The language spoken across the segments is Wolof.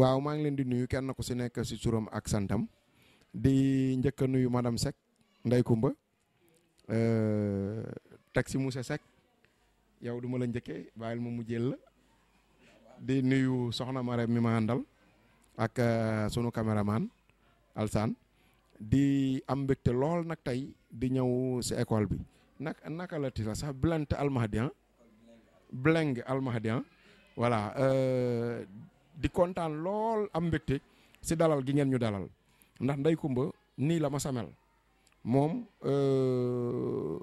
waaw maa ngi leen di nuyu kenn ku si nekk si turam ak santam di njëkk nuyu madame sek Ndeye Kumba euh, teg si Moussa sek yow duma la njëkkee bàyyil mu jël la di nuyu soxna mare mi ma àndal ak euh, sunu cameraman alsan di am mbégte lool nag tey di ñëw si école bi nak naka la tila sax Blente al ah? Bleng Almahdi ah? voilà. Euh, di kontaan lool am mbégte si dalal gi ngeen ñu dalal ndax Ndeye Comba nii la ma samel moom euh,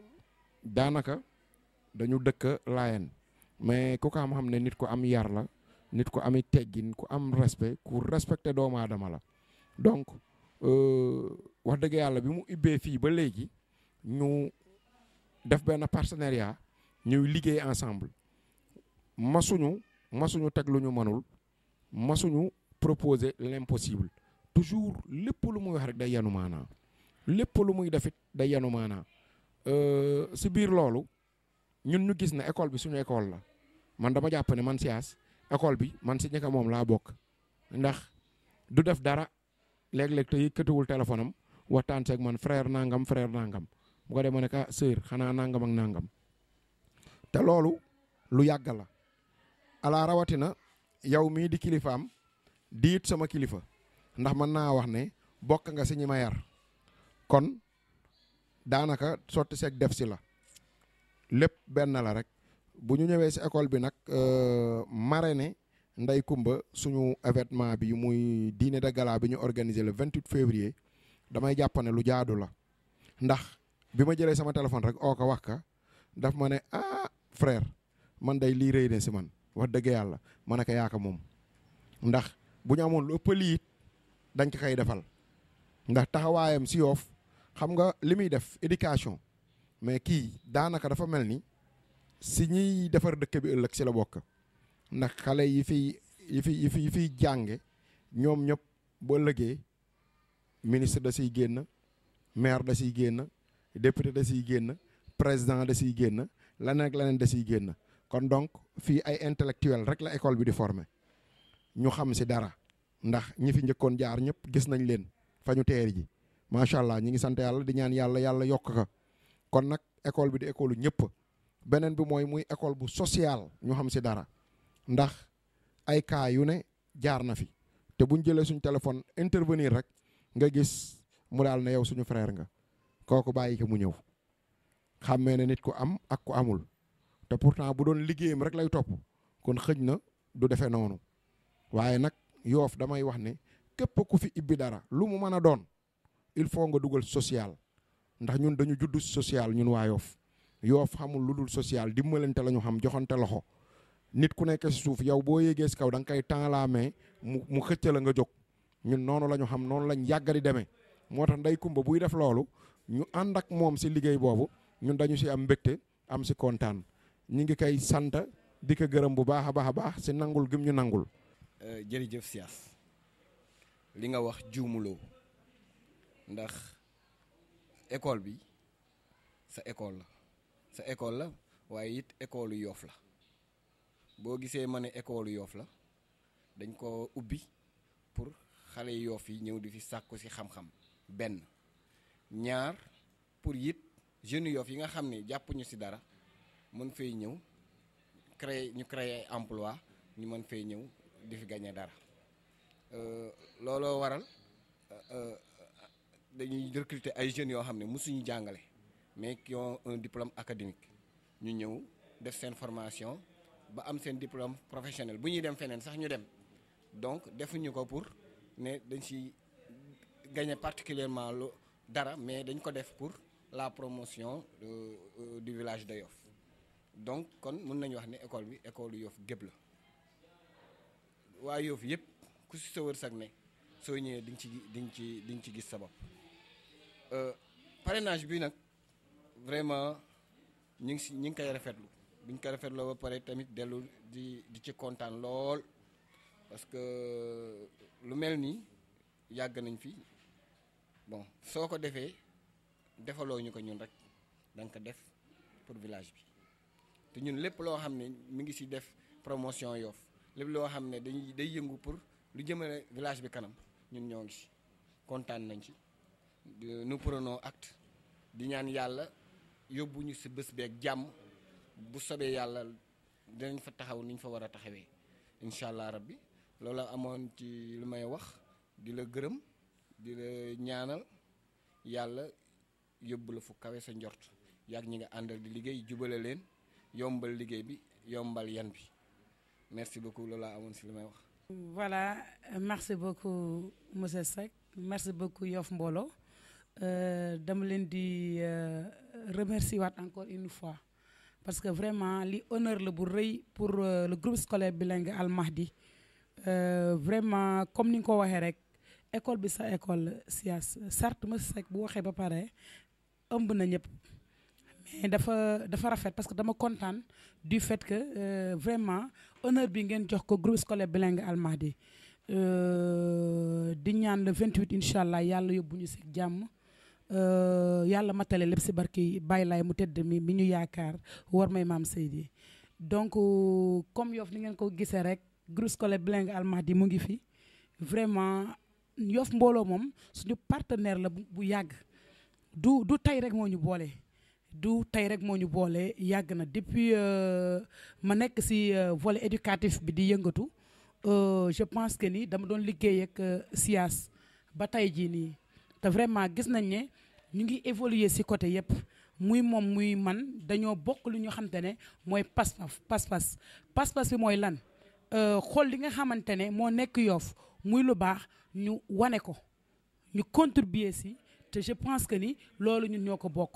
daanaka dañu dëkk Laayeen mais ku ko am xam ne nit ku am yar la nit ku ami teggin ku am respect ku respecté doomu aadama la donc euh, wax dëgg yàlla bi mu ubbee fii ba léegi ñu def benn partenariat ñuy liggéey ensemble masuñu masuñu teg lu ñu mënul masuñu proposé l'impossible toujours lépp lu muy wax rek day yanu maana lépp lu muy def it day yanu maanaa euh, si biir loolu ñun ñu gis ne école bi suñu école la man dama jàpp ne man siyaas école bi man si ñaka moom laa bokk ndax du def dara léeg-léeg te yëkkatiwul téléphone am waxtaan seeg man frère nangam frère nangam bu ko demee ne ah xanaa nangam ak te loolu lu yàgg la ala rawatina yow mi di kilifaam diit sama kilifa ndax man naa wax ne bokk nga si ñi kon daanaka sotti seeg def si la lépp benn la rek bu ñu ñëwee si école bi nag euh, Ndey Kumba suñu événement bi muy dîner de gala bi ñu organiser le 28 février damay jàpp ne lu jaadu la ndax bi ma sama téléphone rek oo ko wax ka daf ma ne ah frère man day lii rëy si man wax deug yalla manaka ne ko yaaka moom ndax bu ñu amoon lu ëpp dañ ci defal ndax taxawayam si yof xam nga limi def education, mais ki danaka dafa melni, si ñi defar dekk bi ëlëk ifi la bokk ndax xalé yi fi yi fi yi fi yi fi jànge ñom ñop bo leggé ministre da ciy génn maire da ciy génn député da ciy génn président da ciy génn laneen ak da ciy génn kon donc fi ay intellectuel rek la école bi di former ñu xam ci dara ndax ñi fi jaar ñëpp gis nañ leen fa ñu teer ji macha allah ñi ngi sant yàlla di ñaan yàlla yàlla yokk ka kon nag école bi di école ñëpp beneen bi mooy muy école bu social ñu xam ci dara ndax ay cas yu ne jaar na fi te buñ jëlee suñu téléphone intervenir rek nga gis mu daal ne yow suñu frère nga kooku bàyyi ko mu ñëw xàmmee ne nit ku am ak ku amul te pourtant bu doon liggéeyam rek lay topp kon xëj na du defee noonu waaye nag yoof damay wax ne képp ku fi ibbi dara lu mu mën a doon il faut nga dugal social ndax ñun dañu judd social ñun waa yoof yoof xamul lu dul social dimbalante la xam joxante loxo nit ku nekk si suuf yow boo yéegee si kaw da nga koy la main mu mu xëcca la nga jóg ñun noonu la xam noonu lañ yàgg di demee moo tax nday kumba buy def loolu ñu ànd ak moom si liggéey boobu ñun dañu si am mbégte am si kontaan ñi ngi kay sante di ko gërëm bu baaxa baaxa baax a si nangul gëm ñu nangul euh, jërëjëf sias li nga wax juumuloo ndax école bi sa école la sa école la waaye it école yoof la boo gisee ma ne école yoof la dañ ko ubbi pour xale yoof yi ñëw di fi sàkku si xam-xam benn ñaar pour it jeune yoof yi nga xam ne ñu si dara mën fay ñëw créer ñu créer emploi ñu mën fay ñëw di fi gagner dara euh, looloo waral euh, euh, dañuy recruter ay jeunes yoo xam ne musuñu jàngale mais qui ont un diplôme académique ñu ñëw def seen formation ba am seen diplôme professionnel bu ñuy dem feneen sax ñu dem donc defuñu ko pour ne dañ ci gagner particulièrement lu dara mais dañ ko def pour la promotion du village de Yoff donc kon mun nañu wax ne école bi école Yoff gépp la waaye Yoff yëpp ku si sa wërsëg ne soo ñëwee di nga ci di nga ci di nga ci gis sa bopp euh, parrainage bi nag vraiment ñu ngi si ñu ngi koy rafetlu bu ñu koy rafetloo ba pare tamit dellu di di ci kontaan lool parce que lu mel nii yàgg nañ fi bon soo ko defee defaloo ñu ko ñun rek da nga ko def pour village bi. te ñun lépp loo xam ne mi ngi si def promotion yoof lépp loo xam ne dañuy day yëngu pour lu jëmale village bi kanam ñun ñoo ngi si kontaan nañ ci nous prenons acte di ñaan yàlla yóbbu ñu si bés beeg jàmm bu sobee yàlla dinañ fa taxaw niñ fa war a taxawee allah rabbi loolu amoon ci lu may wax di la gërëm di la ñaanal yàlla yóbbu la fu kawe sa njort yàgg ñi nga àndal di liggéey jubale leen yombal liggey bi yombal yan bi merci beaucoup lola laa amoon si wax. voilà merci beaucoup monsieur sec merci beaucoup yof Mbolo euh dama len di euh, remercier wat encore une fois parce que vraiment li honneur le bu reuy pour euh, le groupe scolaire bilingue Al Mahdi euh, vraiment comme ni ko waxe rek école bi sa école SIAS certes monsieur sec bu waxe ba paré ëmb na ñëpp. mais dafa dafa rafet parce que dama contane du fait que euh, vraiment honneur bi ngeen jox ko groupe scolaire bilingue euh di ñaan le 28 incha yalla yàlla yóbbu ñu si jàmm euh, yàlla matale lépp si barki baylay mu tedd mi mi ñu yaakaar war may mam Seydi donc euh, comme yof ni ngeen ko gisee rek groupe scolaire bilingue Almadies mu ngi fi vraiment yof mbolo mom suñu partenaire la bu yàgg du du tay rek moo ñu du tey rek moo ñu boole yàgg na depuis euh, ma nekk si euh, vole éducatif bi di yëngatu euh, je pense que ni dama doon liggéey ak SIAS ba tey jii nii te vraiment gis nañ ne ñu ngi évoluer si côté yëpp muy moom muy man dañoo bokk lu ñu xamante ne mooy pas-pas pas-pas pas-pas bi mooy lan xool li nga xamante ne moo nekk yoof muy lu baax ñu wane ko ñu contribuer si te je pense que ni loolu ñun ñoo ko bokk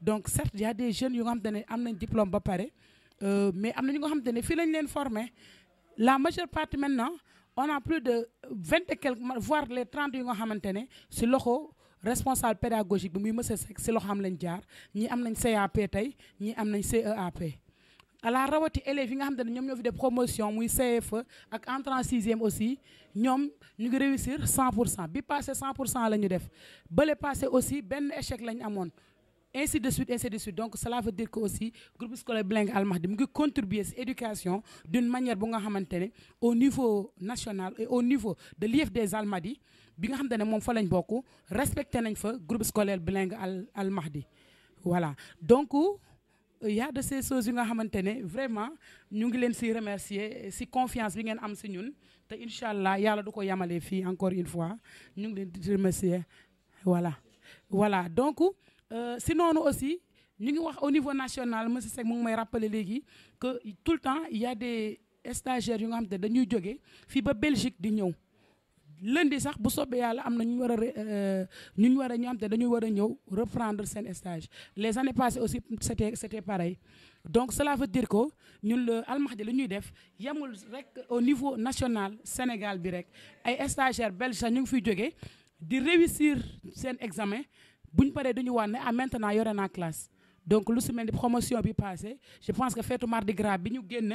Donc, certes, il y a des jeunes qui ont un diplôme, euh, mais ils ont un diplôme qui est formé. La majeure partie maintenant, on a plus de 20 et quelques, voire les 30 qui ont un c'est le responsable pédagogique, c'est le homme qui a un CAP, qui a un CEAP. Alors, les élèves qui ont eu des promotions, qui ont et un en e aussi, ils ont réussi 100%. Ils ont passé 100%. Ils ont passé aussi un échec ainsi de suite ainsi de suite donc cela veut dire que aussi groupe scolaire blingue Al Mahdi nous ngi contribuer à éducation d'une manière bu nga maintenir au niveau national et au niveau de l'IFDS Al Mahdi bi nga xamante le fa lañ respecté nañ fa groupe scolaire blingue Al Mahdi voilà donc il y a de ces choses que nga xamante vraiment nous voulons leen remercier si confiance bi en am si ñun te incha allah yàlla du ko encore une fois Nous voulons leen remercier voilà voilà donc euh, Sinon aussi au niveau national je me rappelle que tout le temps il y a des stagiaires qui sont xam te Belgique lundi sax bu soobee euh, reprendre stage les années passées aussi c'était pareil donc cela veut dire que nous, national, au niveau national Sénégal les stagiaires belges sax ñu ngi Belgique, pour réussir seen examen buñ paré duñu wax ne ah maintenant yoré na classe donc lu semaine de promotion bi passé je pense que fête mardi gras bi ñu nous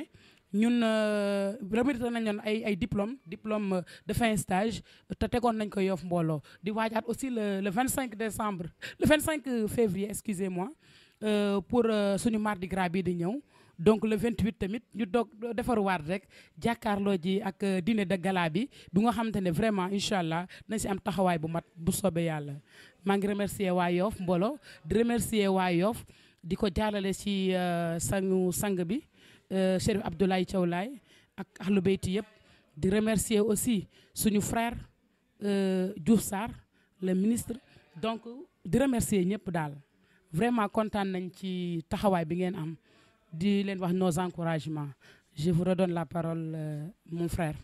ñun euh, remettre nañ un ay ay diplôme diplôme euh, de fin stage te tégon nañ ko yof mbolo di a aussi le le 25 décembre le 25 euh, février excusez-moi pour suñu mardi gras bi di donc le 28 tamit ñu doog defaruwaat rek jakarlo ji ak euh, dîner de gala bi bi nga xamantene vraiment inshallah na ci am taxaway bu mat bu sobe yalla ma ngi remercier waa Yoff Mbolo di remercier wayof Yoff di ko ci euh, sangu sang bi euh, Chérif Abdoulaye Thiaw Laye ak ahlu beyti yeb di remercier aussi suñu frère Diouf sar le ministre donc di remercier ñep dal vraiment content nañ ci taxaway bi ngeen am de nos encouragements je vous redonne la parole euh, mon frère